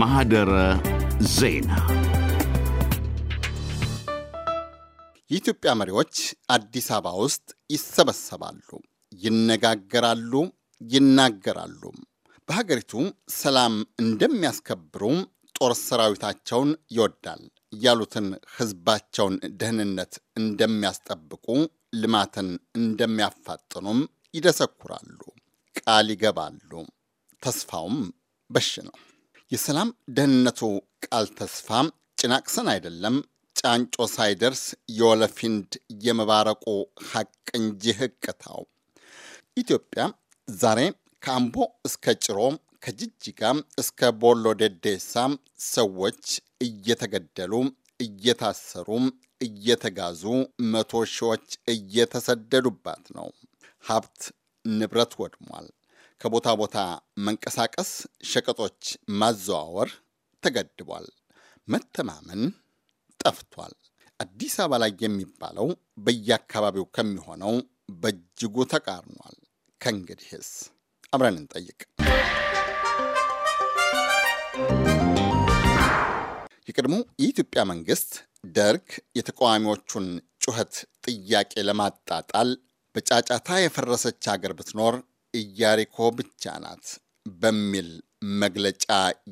ማህደረ ዜና የኢትዮጵያ መሪዎች አዲስ አበባ ውስጥ ይሰበሰባሉ፣ ይነጋገራሉ፣ ይናገራሉ። በሀገሪቱ ሰላም እንደሚያስከብሩ ጦር ሰራዊታቸውን ይወዳል ያሉትን ህዝባቸውን ደህንነት እንደሚያስጠብቁ፣ ልማትን እንደሚያፋጥኑም ይደሰኩራሉ። ቃል ይገባሉ። ተስፋውም በሽ ነው። የሰላም ደህንነቱ ቃል ተስፋ ጭናቅሰን አይደለም ጫንጮ ሳይደርስ የወለፊንድ የመባረቁ ሐቅ እንጂ ህቅታው ኢትዮጵያ ዛሬ ከአምቦ እስከ ጭሮ ከጅጅጋ እስከ ቦሎ ደዴሳ ሰዎች እየተገደሉ እየታሰሩ እየተጋዙ መቶ ሺዎች እየተሰደዱባት ነው። ሀብት ንብረት ወድሟል። ከቦታ ቦታ መንቀሳቀስ፣ ሸቀጦች ማዘዋወር ተገድቧል። መተማመን ጠፍቷል። አዲስ አበባ ላይ የሚባለው በየአካባቢው ከሚሆነው በእጅጉ ተቃርኗል። ከእንግዲህስ አብረን እንጠይቅ። የቀድሞ የኢትዮጵያ መንግስት ደርግ የተቃዋሚዎቹን ጩኸት ጥያቄ ለማጣጣል በጫጫታ የፈረሰች አገር ብትኖር ኢያሪኮ ብቻ ናት በሚል መግለጫ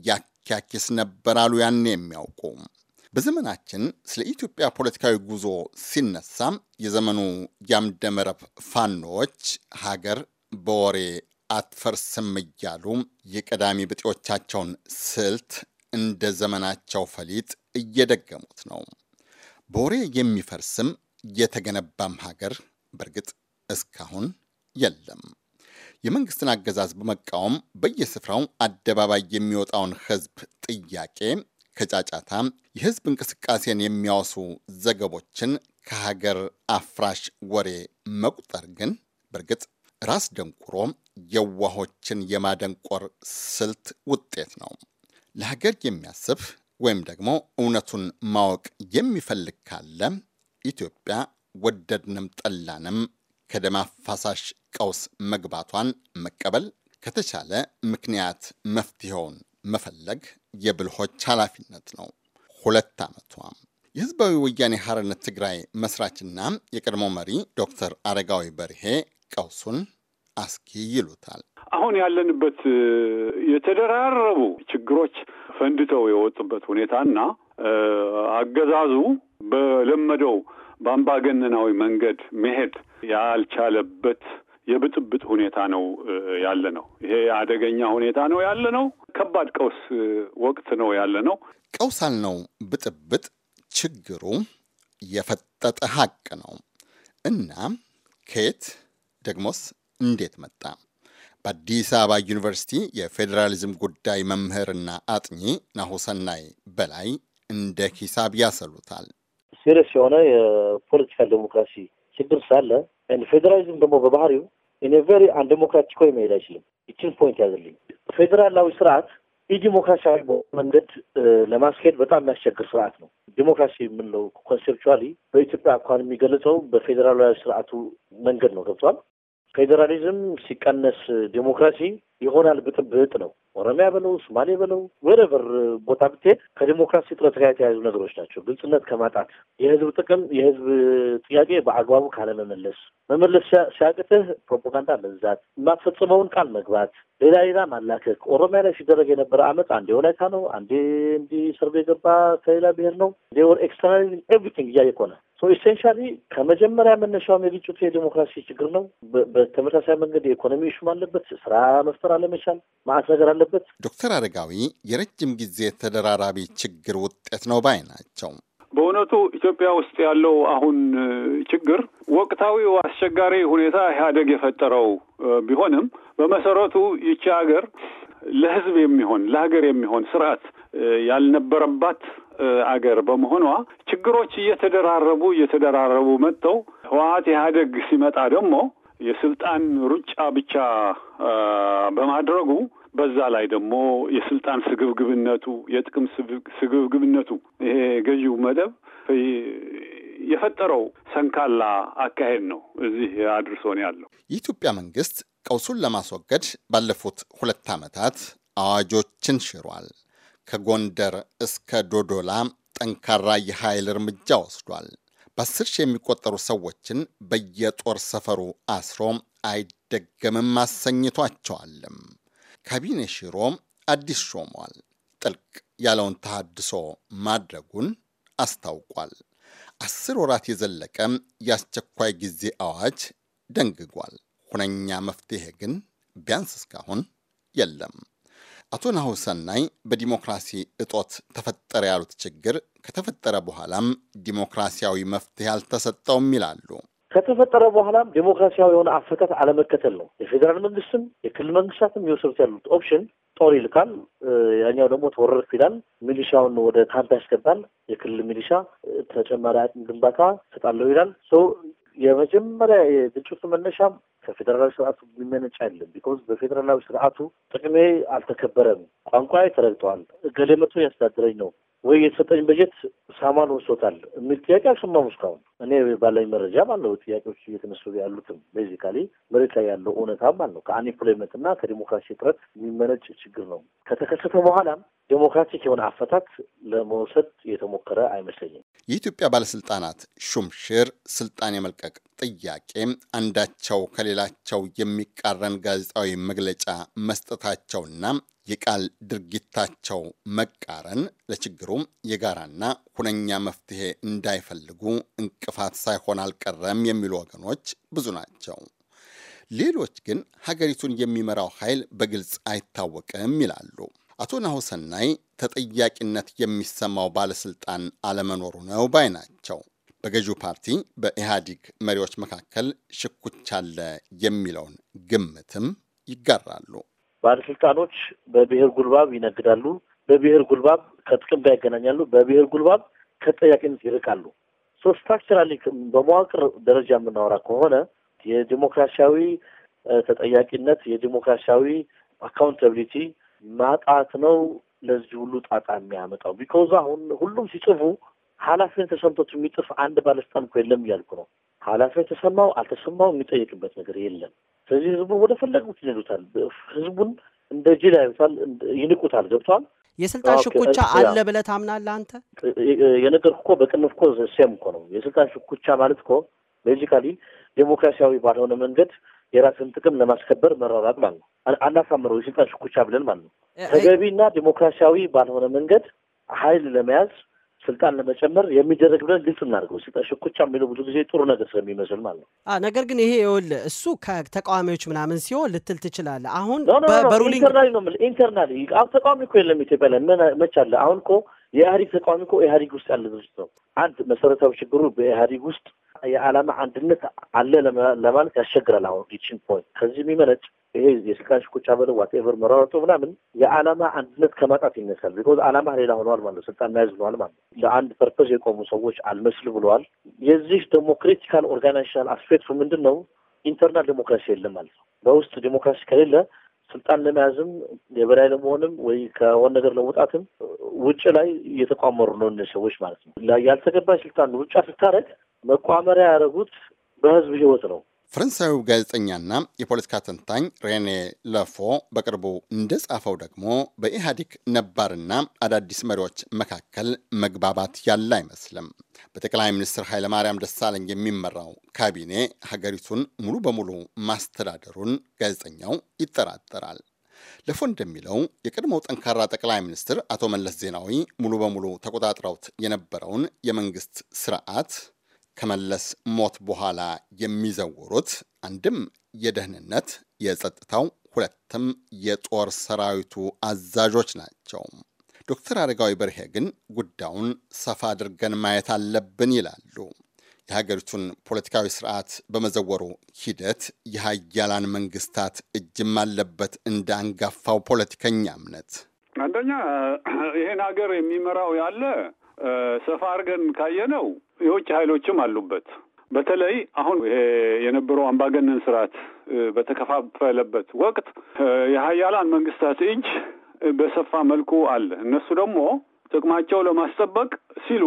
ያኪያኪስ ነበር አሉ ያኔ የሚያውቁ። በዘመናችን ስለ ኢትዮጵያ ፖለቲካዊ ጉዞ ሲነሳም የዘመኑ ያምደመረብ ፋኖዎች ሀገር በወሬ አትፈርስም እያሉ የቀዳሚ ብጤዎቻቸውን ስልት እንደ ዘመናቸው ፈሊጥ እየደገሙት ነው። በወሬ የሚፈርስም የተገነባም ሀገር በእርግጥ እስካሁን የለም። የመንግስትን አገዛዝ በመቃወም በየስፍራው አደባባይ የሚወጣውን ህዝብ ጥያቄ ከጫጫታ የህዝብ እንቅስቃሴን የሚያወሱ ዘገቦችን ከሀገር አፍራሽ ወሬ መቁጠር ግን በእርግጥ ራስ ደንቁሮ የዋሆችን የማደንቆር ስልት ውጤት ነው። ለሀገር የሚያስብ ወይም ደግሞ እውነቱን ማወቅ የሚፈልግ ካለ ኢትዮጵያ ወደድንም ጠላንም ከደም አፋሳሽ ቀውስ መግባቷን መቀበል፣ ከተቻለ ምክንያት መፍትሄውን መፈለግ የብልሆች ኃላፊነት ነው። ሁለት ዓመቷ የህዝባዊ ወያኔ ሐርነት ትግራይ መስራችና የቀድሞ መሪ ዶክተር አረጋዊ በርሄ ቀውሱን አስኪ ይሉታል። አሁን ያለንበት የተደራረቡ ችግሮች ፈንድተው የወጡበት ሁኔታና አገዛዙ በለመደው በአምባገነናዊ መንገድ መሄድ ያልቻለበት የብጥብጥ ሁኔታ ነው ያለ ነው። ይሄ አደገኛ ሁኔታ ነው ያለ ነው። ከባድ ቀውስ ወቅት ነው ያለ ነው። ቀውስ አልነው። ብጥብጥ ችግሩ የፈጠጠ ሀቅ ነው እና ከየት ደግሞስ እንዴት መጣ? በአዲስ አበባ ዩኒቨርሲቲ የፌዴራሊዝም ጉዳይ መምህርና አጥኚ ናሁሰናይ በላይ እንደ ሂሳብ ያሰሉታል። ሲሪየስ የሆነ የፖለቲካል ዴሞክራሲ ችግር ሳለ ፌዴራሊዝም ደግሞ በባህሪው ቨሪ አንዴሞክራቲክ ወይ መሄድ አይችልም። ይችን ፖይንት ያዘልኝ። ፌዴራላዊ ስርዓት የዲሞክራሲያዊ መንገድ ለማስኬድ በጣም የሚያስቸግር ስርዓት ነው። ዲሞክራሲ የምንለው ኮንሴፕቹዋሊ በኢትዮጵያ አኳን የሚገለጸው በፌዴራላዊ ስርዓቱ መንገድ ነው። ገብቷል። ፌዴራሊዝም ሲቀነስ ዴሞክራሲ ይሆናል ብጥብጥ ነው። ኦሮሚያ በለው ሶማሌ በለው ወደበር ቦታ ብትሄድ ከዲሞክራሲ ጥረት ጋር የተያያዙ ነገሮች ናቸው። ግልጽነት ከማጣት የህዝብ ጥቅም የህዝብ ጥያቄ በአግባቡ ካለመመለስ፣ መመለስ ሲያቅትህ ፕሮፓጋንዳ መንዛት፣ የማትፈጽመውን ቃል መግባት፣ ሌላ ሌላ ማላከክ። ኦሮሚያ ላይ ሲደረግ የነበረ አመፅ አንዴ ወላይታ ነው፣ አንዴ እንዲህ ሰርቤ የገባ ከሌላ ብሄር ነው። ዴወር ኤክስተርናል ኤቭሪቲንግ እያየኮነ ኢሴንሻሊ ከመጀመሪያ መነሻውም የግጭቱ የዲሞክራሲ ችግር ነው። በተመሳሳይ መንገድ የኢኮኖሚ ሹም አለበት። ስራ መፍጠር አለመቻል ማአት ነገር አለበት። ዶክተር አረጋዊ የረጅም ጊዜ ተደራራቢ ችግር ውጤት ነው ባይ ናቸው። በእውነቱ ኢትዮጵያ ውስጥ ያለው አሁን ችግር ወቅታዊው አስቸጋሪ ሁኔታ ኢህአደግ የፈጠረው ቢሆንም በመሰረቱ ይቺ ሀገር ለህዝብ የሚሆን ለሀገር የሚሆን ስርዓት ያልነበረባት አገር በመሆኗ ችግሮች እየተደራረቡ እየተደራረቡ መጥተው ህወሀት ኢህአደግ ሲመጣ ደግሞ የስልጣን ሩጫ ብቻ በማድረጉ በዛ ላይ ደግሞ የስልጣን ስግብግብነቱ፣ የጥቅም ስግብግብነቱ ይሄ ገዢው መደብ የፈጠረው ሰንካላ አካሄድ ነው እዚህ አድርሶን ያለው። የኢትዮጵያ መንግስት ቀውሱን ለማስወገድ ባለፉት ሁለት ዓመታት አዋጆችን ሽሯል። ከጎንደር እስከ ዶዶላ ጠንካራ የኃይል እርምጃ ወስዷል። በአስር ሺህ የሚቆጠሩ ሰዎችን በየጦር ሰፈሩ አስሮ አይደገምም አሰኝቷቸዋልም። ካቢኔ ሽሮ አዲስ ሾሟል። ጥልቅ ያለውን ተሃድሶ ማድረጉን አስታውቋል። አስር ወራት የዘለቀ የአስቸኳይ ጊዜ አዋጅ ደንግጓል። ሁነኛ መፍትሄ ግን ቢያንስ እስካሁን የለም። አቶ ናሁ ሰናይ በዲሞክራሲ እጦት ተፈጠረ ያሉት ችግር ከተፈጠረ በኋላም ዲሞክራሲያዊ መፍትሄ አልተሰጠውም ይላሉ። ከተፈጠረ በኋላም ዲሞክራሲያዊ የሆነ አፈታት አለመከተል ነው። የፌዴራል መንግስትም የክልል መንግስታትም የወሰዱት ያሉት ኦፕሽን ጦር ይልካል፣ ያኛው ደግሞ ተወረር ይላል። ሚሊሻውን ወደ ካምፕ ያስገባል። የክልል ሚሊሻ ተጨማሪ አቅም ግንባታ ሰጣለሁ ይላል። የመጀመሪያ የግጭቱ መነሻም ከፌዴራላዊ ስርዓቱ የሚመነጭ አይደለም። ቢኮዝ በፌዴራላዊ ስርዓቱ ጥቅሜ አልተከበረም፣ ቋንቋ ተረግጠዋል፣ እገሌ መቶ ያስተዳድረኝ ነው ወይ የተሰጠኝ በጀት ሳማን ወስዶታል የሚል ጥያቄ አልሰማም እስካሁን። እኔ ባለኝ መረጃ ማለት ነው ጥያቄዎች እየተነሱ ያሉትም ቤዚካሊ መሬት ላይ ያለው እውነታ ማለት ነው ከአንኤምፕሎይመንት እና ከዲሞክራሲ እጥረት የሚመነጭ ችግር ነው። ከተከሰተ በኋላም ዴሞክራቲክ የሆነ አፈታት ለመውሰድ የተሞከረ አይመስለኝም። የኢትዮጵያ ባለስልጣናት ሹምሽር፣ ስልጣን የመልቀቅ ጥያቄ አንዳቸው ከሌላቸው የሚቃረን ጋዜጣዊ መግለጫ መስጠታቸውና የቃል ድርጊታቸው መቃረን ለችግሩም የጋራና ሁነኛ መፍትሄ እንዳይፈልጉ እንቅፋት ሳይሆን አልቀረም የሚሉ ወገኖች ብዙ ናቸው። ሌሎች ግን ሀገሪቱን የሚመራው ኃይል በግልጽ አይታወቅም ይላሉ። አቶ ናሁሰናይ ተጠያቂነት የሚሰማው ባለስልጣን አለመኖሩ ነው ባይ ናቸው። በገዢው ፓርቲ በኢህአዲግ መሪዎች መካከል ሽኩቻ የሚለውን ግምትም ይጋራሉ። ባለስልጣኖች በብሔር ጉልባብ ይነግዳሉ፣ በብሔር ጉልባብ ከጥቅም ጋር ይገናኛሉ፣ በብሔር ጉልባብ ከተጠያቂነት ይርቃሉ። ሶ ስትራክቸራሊ በመዋቅር ደረጃ የምናወራ ከሆነ የዲሞክራሲያዊ ተጠያቂነት የዲሞክራሲያዊ አካውንታብሊቲ ማጣት ነው ለዚህ ሁሉ ጣጣ የሚያመጣው ቢኮዝ አሁን ሁሉም ሲጽፉ ኃላፊነት ተሰምቶት የሚጥፍ አንድ ባለስልጣን እኮ የለም እያልኩ ነው። ኃላፊነት ተሰማው አልተሰማው የሚጠየቅበት ነገር የለም። ስለዚህ ህዝቡ ወደ ፈለጉት ይነዱታል። ህዝቡን እንደ ጅል ያዩታል፣ ይንቁታል። ገብተዋል። የስልጣን ሽኩቻ አለ ብለህ ታምናለህ አንተ? የነገርኩህ እኮ በቅንፍ እኮ ሴም እኮ ነው። የስልጣን ሽኩቻ ማለት እኮ ቤዚካሊ ዴሞክራሲያዊ ባልሆነ መንገድ የራስን ጥቅም ለማስከበር መራራቅ ማለት ነው። አናሳምረው የስልጣን ሽኩቻ ብለን ማለት ነው። ተገቢና ዴሞክራሲያዊ ባልሆነ መንገድ ሀይል ለመያዝ ስልጣን ለመጨመር የሚደረግ ብለን ግልጽ እናድርገው። ስልጣን ሽኩቻ የሚለው ብዙ ጊዜ ጥሩ ነገር ስለሚመስል ማለት ነው። ነገር ግን ይሄ ይኸውልህ እሱ ከተቃዋሚዎች ምናምን ሲሆን ልትል ትችላለህ። አሁን በሩሊንግ ኢንተርናል ነው ኢንተርናል ተቃዋሚ እኮ የለም ኢትዮጵያ ላይ መች አለ? አሁን እኮ የኢህአዴግ ተቃዋሚ እኮ ኢህአዴግ ውስጥ ያለ ድርጅት ነው። አንድ መሰረታዊ ችግሩ በኢህአዴግ ውስጥ የዓላማ አንድነት አለ ለማለት ያስቸግራል። አሁን ሪችን ፖይንት ከዚህ የሚመነጭ ይሄ የስልጣን ሽኩቻ በለ ዋቴቨር መራረጡ ምናምን የዓላማ አንድነት ከማጣት ይነሳል። ቢኮዝ ዓላማ ሌላ ሆነዋል ማለት ስልጣን መያዝ ብለዋል ማለት ለአንድ ፐርፐዝ የቆሙ ሰዎች አልመስል ብለዋል። የዚህ ደግሞ ክሪቲካል ኦርጋናይዜሽናል አስፔክቱ ምንድን ነው? ኢንተርናል ዴሞክራሲ የለም ማለት ነው። በውስጥ ዴሞክራሲ ከሌለ ስልጣን ለመያዝም የበላይ ለመሆንም ወይ ከሆነ ነገር ለመውጣትም ውጭ ላይ እየተቋመሩ ነው እነ ሰዎች ማለት ነው። ያልተገባ ስልጣን ውጫ ስታረግ መቋመሪያ ያደረጉት በህዝብ ህይወት ነው። ፈረንሳዊው ጋዜጠኛና የፖለቲካ ተንታኝ ሬኔ ለፎ በቅርቡ እንደጻፈው ደግሞ በኢህአዴግ ነባርና አዳዲስ መሪዎች መካከል መግባባት ያለ አይመስልም። በጠቅላይ ሚኒስትር ኃይለማርያም ደሳለኝ የሚመራው ካቢኔ ሀገሪቱን ሙሉ በሙሉ ማስተዳደሩን ጋዜጠኛው ይጠራጠራል። ለፎ እንደሚለው የቀድሞው ጠንካራ ጠቅላይ ሚኒስትር አቶ መለስ ዜናዊ ሙሉ በሙሉ ተቆጣጥረውት የነበረውን የመንግስት ስርዓት ከመለስ ሞት በኋላ የሚዘውሩት አንድም የደህንነት የጸጥታው፣ ሁለትም የጦር ሰራዊቱ አዛዦች ናቸው። ዶክተር አረጋዊ በርሄ ግን ጉዳዩን ሰፋ አድርገን ማየት አለብን ይላሉ። የሀገሪቱን ፖለቲካዊ ስርዓት በመዘወሩ ሂደት የሀያላን መንግስታት እጅም አለበት እንደ አንጋፋው ፖለቲከኛ እምነት። አንደኛ ይህን ሀገር የሚመራው ያለ ሰፋ አድርገን ካየነው የውጭ ኃይሎችም አሉበት። በተለይ አሁን ይሄ የነበረው አምባገነን ስርዓት በተከፋፈለበት ወቅት የሀያላን መንግስታት እጅ በሰፋ መልኩ አለ። እነሱ ደግሞ ጥቅማቸው ለማስጠበቅ ሲሉ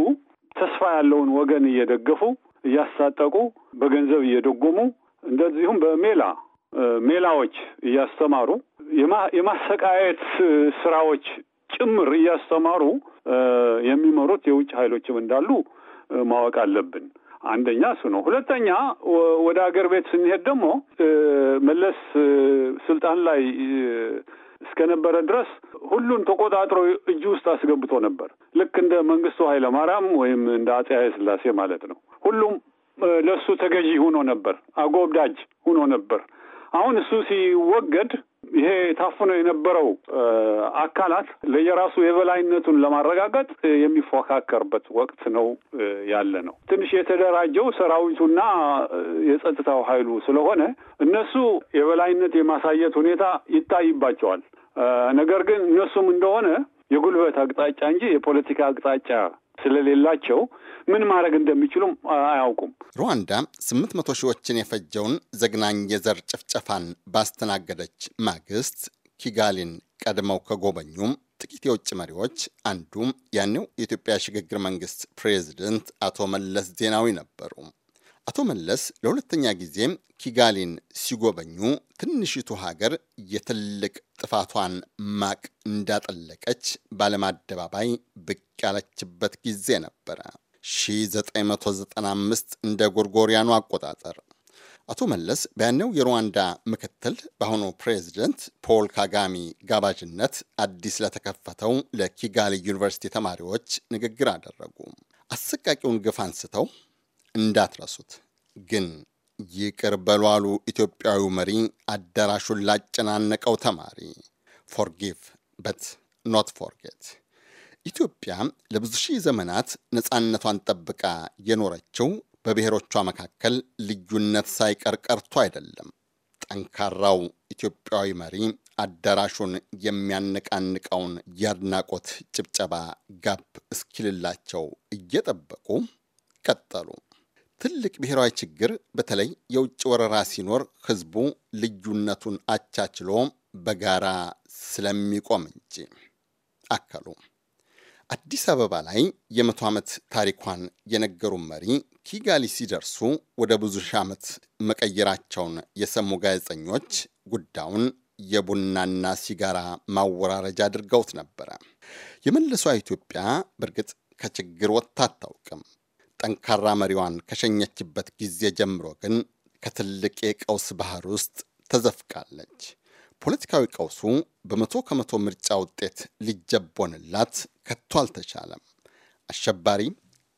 ተስፋ ያለውን ወገን እየደገፉ እያስታጠቁ፣ በገንዘብ እየደጎሙ እንደዚሁም በሜላ ሜላዎች እያስተማሩ የማሰቃየት ስራዎች ጭምር እያስተማሩ የሚመሩት የውጭ ኃይሎችም እንዳሉ ማወቅ አለብን። አንደኛ እሱ ነው። ሁለተኛ ወደ አገር ቤት ስንሄድ ደግሞ መለስ ስልጣን ላይ እስከነበረ ድረስ ሁሉን ተቆጣጥሮ እጅ ውስጥ አስገብቶ ነበር። ልክ እንደ መንግስቱ ኃይለማርያም ወይም እንደ አጼ ኃይለሥላሴ ማለት ነው። ሁሉም ለእሱ ተገዢ ሆኖ ነበር፣ አጎብዳጅ ሆኖ ነበር። አሁን እሱ ሲወገድ ይሄ ታፍኖ የነበረው አካላት ለየራሱ የበላይነቱን ለማረጋገጥ የሚፎካከርበት ወቅት ነው ያለ ነው። ትንሽ የተደራጀው ሰራዊቱና የጸጥታው ኃይሉ ስለሆነ እነሱ የበላይነት የማሳየት ሁኔታ ይታይባቸዋል። ነገር ግን እነሱም እንደሆነ የጉልበት አቅጣጫ እንጂ የፖለቲካ አቅጣጫ ስለሌላቸው ምን ማድረግ እንደሚችሉም አያውቁም። ሩዋንዳ ስምንት መቶ ሺዎችን የፈጀውን ዘግናኝ የዘር ጭፍጨፋን ባስተናገደች ማግስት ኪጋሊን ቀድመው ከጎበኙም ጥቂት የውጭ መሪዎች አንዱም ያኔው የኢትዮጵያ ሽግግር መንግስት ፕሬዚደንት አቶ መለስ ዜናዊ ነበሩ። አቶ መለስ ለሁለተኛ ጊዜ ኪጋሊን ሲጎበኙ ትንሽቱ ሀገር የትልቅ ጥፋቷን ማቅ እንዳጠለቀች በዓለም አደባባይ ብቅ ያለችበት ጊዜ ነበረ። 1995 እንደ ጎርጎሪያኑ አቆጣጠር አቶ መለስ በያነው የሩዋንዳ ምክትል በአሁኑ ፕሬዚደንት ፖል ካጋሚ ጋባዥነት አዲስ ለተከፈተው ለኪጋሊ ዩኒቨርሲቲ ተማሪዎች ንግግር አደረጉ። አሰቃቂውን ግፍ አንስተው እንዳትረሱት ግን ይቅር በሏሉ ኢትዮጵያዊ መሪ አዳራሹን ላጨናነቀው ተማሪ። ፎርጊቭ በት ኖት ፎርጌት። ኢትዮጵያ ለብዙ ሺህ ዘመናት ነፃነቷን ጠብቃ የኖረችው በብሔሮቿ መካከል ልዩነት ሳይቀር ቀርቶ አይደለም። ጠንካራው ኢትዮጵያዊ መሪ አዳራሹን የሚያነቃንቀውን የአድናቆት ጭብጨባ ጋብ እስኪልላቸው እየጠበቁ ቀጠሉ። ትልቅ ብሔራዊ ችግር በተለይ የውጭ ወረራ ሲኖር ህዝቡ ልዩነቱን አቻችሎ በጋራ ስለሚቆም እንጂ አከሉ። አዲስ አበባ ላይ የመቶ ዓመት ታሪኳን የነገሩን መሪ ኪጋሊ ሲደርሱ ወደ ብዙ ሺህ ዓመት መቀየራቸውን የሰሙ ጋዜጠኞች ጉዳዩን የቡናና ሲጋራ ማወራረጃ አድርገውት ነበረ። የመለሷ ኢትዮጵያ በእርግጥ ከችግር ወጥታ አታውቅም። ጠንካራ መሪዋን ከሸኘችበት ጊዜ ጀምሮ ግን ከትልቅ የቀውስ ባህር ውስጥ ተዘፍቃለች። ፖለቲካዊ ቀውሱ በመቶ ከመቶ ምርጫ ውጤት ሊጀቦንላት ከቶ አልተቻለም። አሸባሪ፣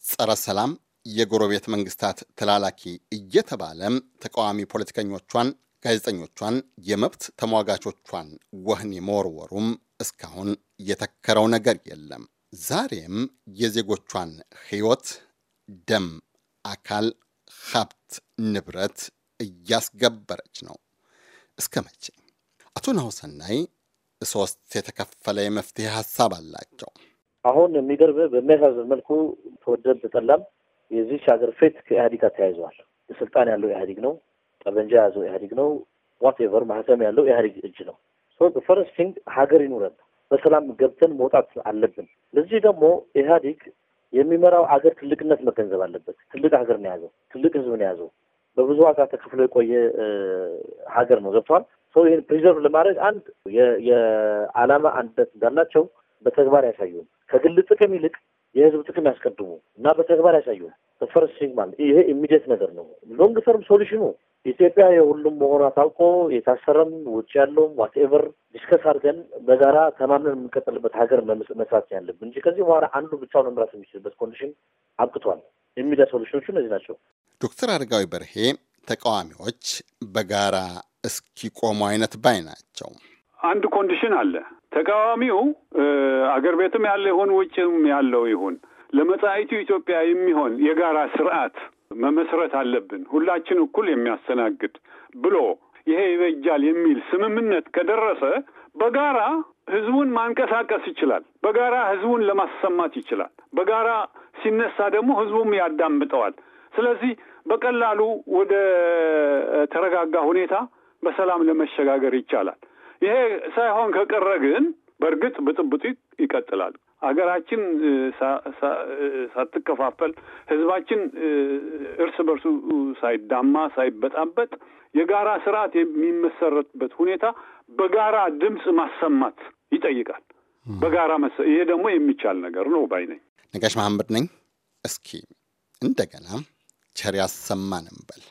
ጸረ ሰላም፣ የጎረቤት መንግስታት ተላላኪ እየተባለ ተቃዋሚ ፖለቲከኞቿን፣ ጋዜጠኞቿን፣ የመብት ተሟጋቾቿን ወህኒ መወርወሩም እስካሁን የተከረው ነገር የለም። ዛሬም የዜጎቿን ሕይወት ደም፣ አካል፣ ሀብት፣ ንብረት እያስገበረች ነው። እስከ መቼ? አቶ ናሁሰናይ ሶስት የተከፈለ የመፍትሄ ሀሳብ አላቸው። አሁን የሚገርም በሚያሳዝን መልኩ ተወደደም ተጠላም የዚች ሀገር ፌት ከኢህአዴግ ጋር ተያይዘዋል። ስልጣን ያለው ኢህአዴግ ነው። ጠበንጃ የያዘው ኢህአዴግ ነው። ዋትኤቨር ማህተም ያለው ኢህአዴግ እጅ ነው። ፈርስት ቲንግ ሀገር ይኑረን፣ በሰላም ገብተን መውጣት አለብን። ለዚህ ደግሞ ኢህአዴግ የሚመራው አገር ትልቅነት መገንዘብ አለበት። ትልቅ ሀገር ነው የያዘው፣ ትልቅ ህዝብ ነው የያዘው። በብዙ ዋጋ ተከፍሎ የቆየ ሀገር ነው። ገብቷል። ሰው ይህን ፕሪዘርቭ ለማድረግ አንድ የዓላማ አንድነት እንዳላቸው በተግባር ያሳዩም። ከግል ጥቅም ይልቅ የህዝብ ጥቅም ያስቀድሙ እና በተግባር ያሳዩ። ፈርስቲንግ ማለት ይሄ ኢሚዲየት ነገር ነው። ሎንግ ተርም ሶሉሽኑ ኢትዮጵያ የሁሉም መሆኗ ታውቆ የታሰረም ውጭ ያለውም ዋትኤቨር ዲስከስ አድርገን በጋራ ተማምነን የምንቀጥልበት ሀገር መስራት ያለብን እንጂ ከዚህ በኋላ አንዱ ብቻውን መምራት የሚችልበት ኮንዲሽን አብቅቷል። የሚዲያ ሶሉሽኖቹ እነዚህ ናቸው። ዶክተር አረጋዊ በርሄ ተቃዋሚዎች በጋራ እስኪቆሙ አይነት ባይ ናቸው። አንድ ኮንዲሽን አለ። ተቃዋሚው አገር ቤትም ያለ ይሁን ውጭም ያለው ይሁን ለመጻኢቱ ኢትዮጵያ የሚሆን የጋራ ስርዓት መመስረት አለብን፣ ሁላችን እኩል የሚያስተናግድ ብሎ ይሄ ይበጃል የሚል ስምምነት ከደረሰ በጋራ ህዝቡን ማንቀሳቀስ ይችላል። በጋራ ህዝቡን ለማሰማት ይችላል። በጋራ ሲነሳ ደግሞ ህዝቡም ያዳምጠዋል። ስለዚህ በቀላሉ ወደ ተረጋጋ ሁኔታ በሰላም ለመሸጋገር ይቻላል። ይሄ ሳይሆን ከቀረ ግን በእርግጥ ብጥብጡ ይቀጥላል። ሀገራችን ሳትከፋፈል ህዝባችን እርስ በርሱ ሳይዳማ ሳይበጣበጥ የጋራ ስርዓት የሚመሰረትበት ሁኔታ በጋራ ድምፅ ማሰማት ይጠይቃል። በጋራ መሰ ይሄ ደግሞ የሚቻል ነገር ነው ባይ ነኝ። ነጋሽ መሐመድ ነኝ። እስኪ እንደገና ቸር ያሰማን እንበል።